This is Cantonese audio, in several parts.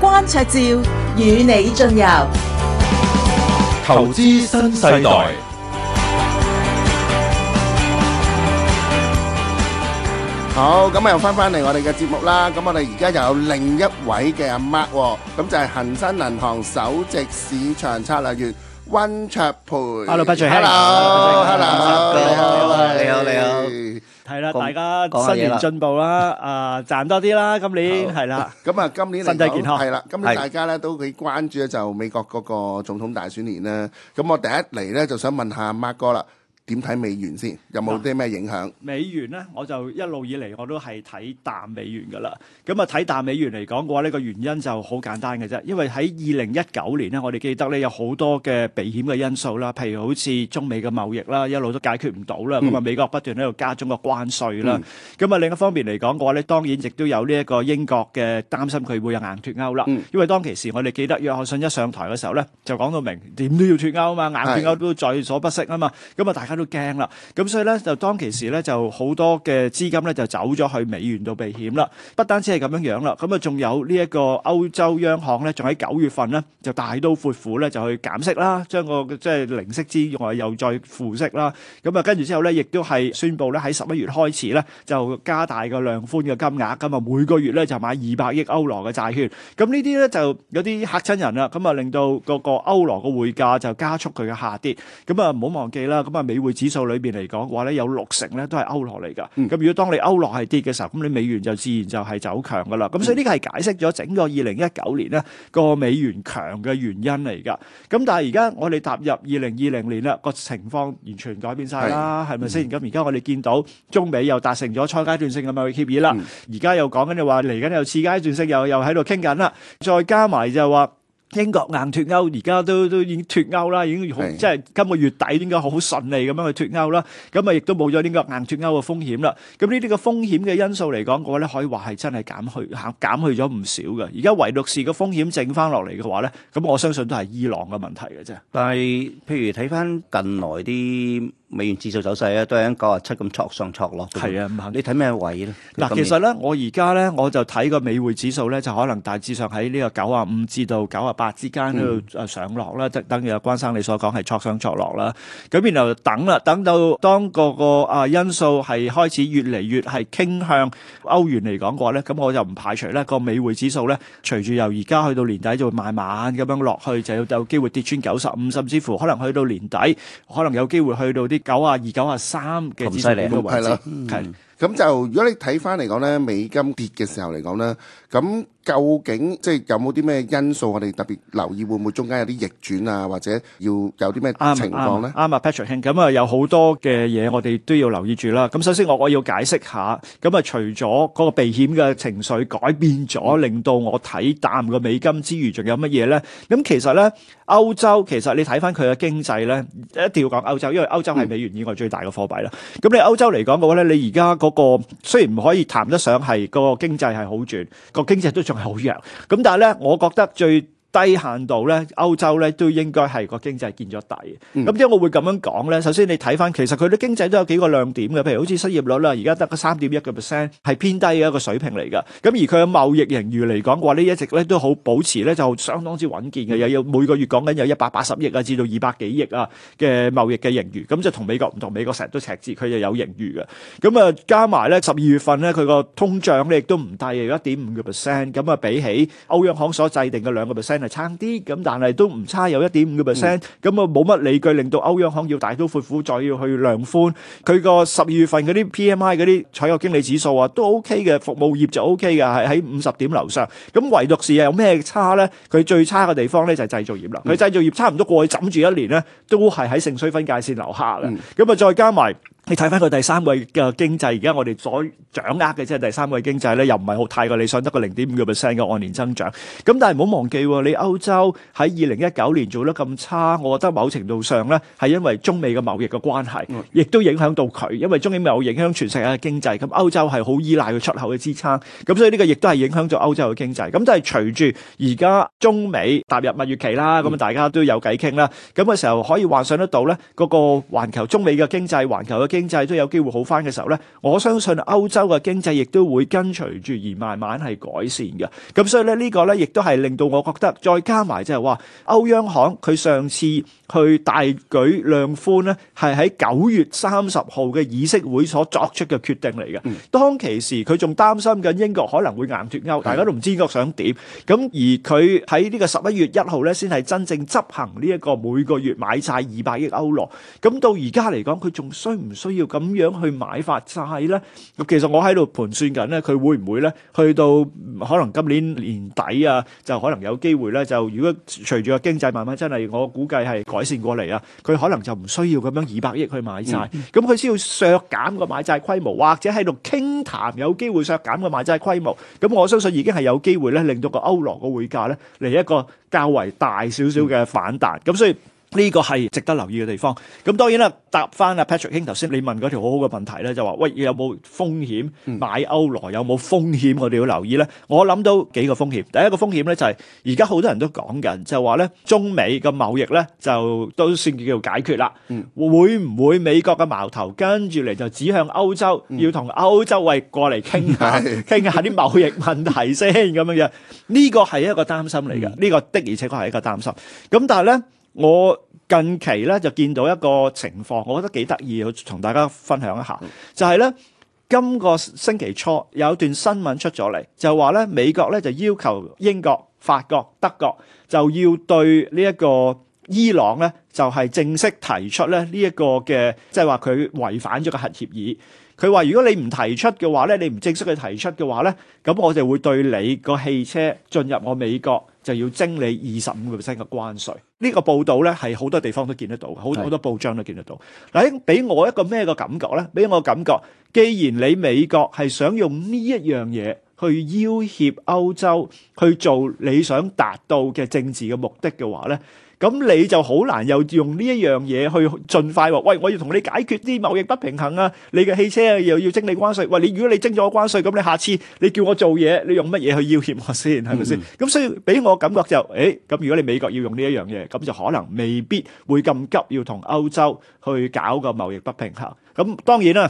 關卓照與你盡遊，投資新世代。好，咁啊又翻翻嚟我哋嘅節目啦。咁我哋而家又有另一位嘅阿 Mark，咁就係恒生銀行首席市場策略員溫灼培。Hello，Hello。Hello，hello，你好，你好，你好。係啦，大家新年進步啦，啊、呃、賺多啲啦！今年係啦，咁啊好了 今年身體健康係啦。今年大家咧都幾關注咧，就美國嗰個總統大選年啦。咁的我第一嚟咧，就想問下阿 Mark 哥啦。點睇美元先？有冇啲咩影響？美元咧，我就一路以嚟我都係睇淡美元噶啦。咁啊，睇淡美元嚟講嘅話，呢個原因就好簡單嘅啫。因為喺二零一九年咧，我哋記得咧有好多嘅避險嘅因素啦，譬如好似中美嘅貿易啦，一路都解決唔到啦。咁啊，美國不斷喺度加中國關稅啦。咁啊，另一方面嚟講嘅話咧，當然亦都有呢一個英國嘅擔心，佢會有硬脫歐啦。因為當其時我哋記得約翰遜一上台嘅時候咧，就講到明點都要脫歐啊嘛，硬脫歐都在所不惜啊嘛。咁啊，大家，都驚啦，咁所以咧就當其時咧就好多嘅資金咧就走咗去美元度避險啦，不單止係咁樣樣啦，咁啊仲有呢一個歐洲央行咧，仲喺九月份咧就大刀闊斧咧就去減息啦，將個即係零息之外又再負息啦，咁啊跟住之後咧亦都係宣布咧喺十一月開始咧就加大個量寬嘅金額，咁啊每個月咧就買二百億歐羅嘅債券，咁呢啲咧就有啲嚇親人啦，咁啊令到嗰個歐羅嘅匯價就加速佢嘅下跌，咁啊唔好忘記啦，咁啊美匯。佢指數裏邊嚟講話咧，有六成咧都係歐羅嚟噶，咁如果當你歐羅係跌嘅時候，咁你美元就自然就係走強噶啦。咁所以呢個係解釋咗整個二零一九年咧個美元強嘅原因嚟噶。咁但係而家我哋踏入二零二零年啦，個情況完全改變晒啦，係咪先？咁而家我哋見到中美又達成咗初階段性嘅協議啦，而家又講緊就話嚟緊又次階段性又又喺度傾緊啦，再加埋就話。英國硬脱歐而家都都已經脱歐啦，已經好是的 即係今個月底應該好順利咁樣去脱歐啦。咁啊，亦都冇咗呢個硬脱歐嘅風險啦。咁呢啲個風險嘅因素嚟講嘅話咧，我可以話係真係減去減去咗唔少嘅。而家唯獨是個風險剩翻落嚟嘅話咧，咁我相信都係伊朗嘅問題嘅啫。但係譬如睇翻近來啲。美元指數走勢咧，都喺九啊七咁挫上挫落。係啊，唔行。你睇咩位咧？嗱，其實咧，我而家咧，我就睇個美匯指數咧，就可能大致上喺呢個九啊五至到九啊八之間喺度啊上落啦，即係等於啊關生你所講係挫上挫落啦。咁然後等啦，等到當個個啊因素係開始越嚟越係傾向歐元嚟講嘅話咧，咁我就唔排除咧個美匯指數咧，隨住由而家去到年底就會慢慢咁樣落去，就有機會跌穿九十五，甚至乎可能去到年底，可能有機會去到啲，九啊二、九啊三嘅指數嘅位置。嗯。咁就如果你睇翻嚟講咧，美金跌嘅時候嚟講咧，咁究竟即係有冇啲咩因素我哋特別留意，會唔會中間有啲逆轉啊，或者要有啲咩啱情況咧？啱啊，Patrick，咁啊有好多嘅嘢我哋都要留意住啦。咁首先我我要解釋下，咁啊除咗嗰個避險嘅情緒改變咗，令到我睇淡個美金之餘，仲有乜嘢咧？咁其實咧，歐洲其實你睇翻佢嘅經濟咧，一定要講歐洲，因為歐洲係美元以外最大嘅貨幣啦。咁你歐洲嚟講嘅話咧，你而家個嗰、那個雖然唔可以談得上係個經濟係好轉，個經濟都仲係好弱。咁但係呢，我覺得最低限度咧，歐洲咧都應該係個經濟見咗底嘅。咁點解我會咁樣講咧？首先你睇翻，其實佢啲經濟都有幾個亮點嘅，譬如好似失業率啦，而家得個三點一個 percent 係偏低嘅一個水平嚟㗎。咁而佢嘅貿易盈餘嚟講，話咧一直咧都好保持咧，就相當之穩健嘅，又要每個月講緊有一百八十億啊，至到二百幾億啊嘅貿易嘅盈餘。咁就同美國唔同，美國成日都赤字，佢就有盈餘嘅。咁啊加埋咧十二月份咧，佢個通脹咧亦都唔低嘅，有一點五個 percent。咁啊比起歐央行所制定嘅兩個 percent，係差啲咁，但係都唔差，有一點五個 percent。咁啊，冇乜理據令到歐央行要大刀闊斧再要去量寬。佢個十二月份嗰啲 PMI 嗰啲採購經理指數啊，都 OK 嘅，服務業就 OK 嘅，係喺五十點樓上。咁唯獨是啊，有咩差咧？佢最差嘅地方咧就係製造業啦。佢製造業差唔多過去枕住一年咧，都係喺盛衰分界綫樓下嘅。咁啊，再加埋。你睇翻佢第三季嘅經濟，而家我哋所掌握嘅即係第三季經濟咧，又唔係好太過理想，得個零點五個 percent 嘅按年增長。咁但係唔好忘記喎，你歐洲喺二零一九年做得咁差，我覺得某程度上咧係因為中美嘅貿易嘅關係，亦都影響到佢，因為中美貿易影響全世界嘅經濟。咁歐洲係好依賴佢出口嘅支撐，咁所以呢個亦都係影響咗歐洲嘅經濟。咁都係隨住而家中美踏入蜜月期啦，咁大家都有偈傾啦。咁嘅時候可以幻想得到咧，嗰個環球中美嘅經濟，環球嘅經經濟都有機會好翻嘅時候呢，我相信歐洲嘅經濟亦都會跟隨住而慢慢係改善嘅。咁所以咧，呢、呢個呢亦都係令到我覺得，再加埋即係話歐央行佢上次去大舉量寬呢，係喺九月三十號嘅議息會所作出嘅決定嚟嘅。嗯、當其時佢仲擔心緊英國可能會硬脱歐，嗯、大家都唔知英國想點。咁而佢喺呢個十一月一號呢，先係真正執行呢一個每個月買債二百億歐羅。咁到而家嚟講，佢仲需唔需？都要咁樣去買發債咧，咁其實我喺度盤算緊咧，佢會唔會咧去到可能今年年底啊，就可能有機會咧，就如果隨住個經濟慢慢真係，我估計係改善過嚟啊，佢可能就唔需要咁樣二百億去買債，咁佢先要削減個買債規模，或者喺度傾談有機會削減個買債規模，咁我相信已經係有機會咧，令到個歐羅個匯價咧嚟一個較為大少少嘅反彈，咁所以。呢個係值得留意嘅地方。咁當然啦，答翻阿 Patrick 兄頭先你問嗰條好好嘅問題咧，就話喂，有冇風險買歐羅有冇風險？我哋要留意咧。我諗到幾個風險。第一個風險咧就係而家好多人都講緊，就話咧中美嘅貿易咧就都算叫解決啦。會唔會美國嘅矛頭跟住嚟就指向歐洲，要同歐洲喂過嚟傾下傾下啲貿易問題先咁樣樣？呢個係一個擔心嚟嘅，呢個的而且確係一個擔心。咁但係咧。我近期咧就見到一個情況，我覺得幾得意，要同大家分享一下。就係咧，今個星期初有一段新聞出咗嚟，就話咧美國咧就要求英國、法國、德國就要對呢一個伊朗咧就係正式提出咧呢一個嘅，即係話佢違反咗個核協議。佢話如果你唔提出嘅話咧，你唔正式去提出嘅話咧，咁我哋會對你個汽車進入我美國，就要徵你二十五個 percent 嘅關稅，呢個報道咧係好多地方都見得到，好好的多報章都見得到。嗱，俾我一個咩嘅感覺咧？俾我感覺，既然你美國係想用呢一樣嘢去要脅歐洲，去做你想達到嘅政治嘅目的嘅話咧。咁你就好難又用呢一樣嘢去盡快話，喂，我要同你解決啲貿易不平衡啊！你嘅汽車啊又要徵你關稅，喂，你如果你徵咗我關稅，咁你下次你叫我做嘢，你用乜嘢去要挾我先，係咪先？咁、嗯嗯、所以俾我感覺就，誒、哎，咁如果你美國要用呢一樣嘢，咁就可能未必會咁急要同歐洲去搞個貿易不平衡。咁當然啦，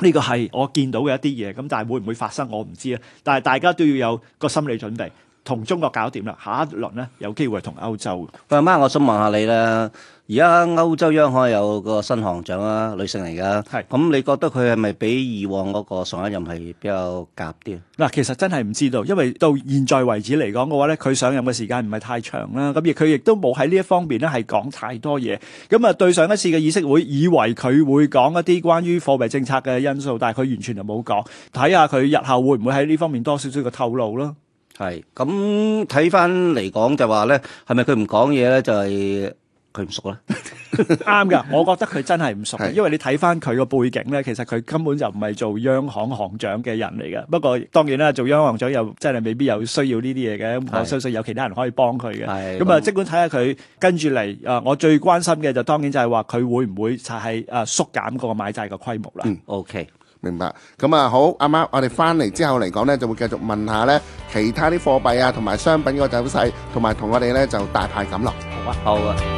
呢個係我見到嘅一啲嘢，咁但係會唔會發生我唔知啊，但係大家都要有個心理準備。同中國搞掂啦，下一輪咧有機會同歐洲。阿媽，我想問下你啦，而家歐洲央行有個新行長啊，女性嚟噶。係。咁，你覺得佢係咪比以往嗰個上一任係比較夾啲？嗱，其實真係唔知道，因為到現在為止嚟講嘅話咧，佢上任嘅時間唔係太長啦。咁亦佢亦都冇喺呢一方面咧係講太多嘢。咁啊，對上一次嘅議息會，以為佢會講一啲關於貨幣政策嘅因素，但係佢完全就冇講。睇下佢日後會唔會喺呢方面多少少嘅透露咯。係咁睇翻嚟講就話咧，係咪佢唔講嘢咧？就係佢唔熟啦。啱噶，我覺得佢真係唔熟，是因為你睇翻佢個背景咧，其實佢根本就唔係做央行行長嘅人嚟嘅。不過當然啦，做央行行長又真係未必有需要呢啲嘢嘅。我相信有其他人可以幫佢嘅。咁啊是，盡管睇下佢跟住嚟啊，我最關心嘅就當然就係話佢會唔會就係啊縮減個買債嘅規模啦。嗯，OK。明白，咁啊好，阿媽，我哋返嚟之後嚟講呢，就會繼續問下呢其他啲貨幣啊，同埋商品嘅走勢，同埋同我哋呢就大牌交流好啊。好啊。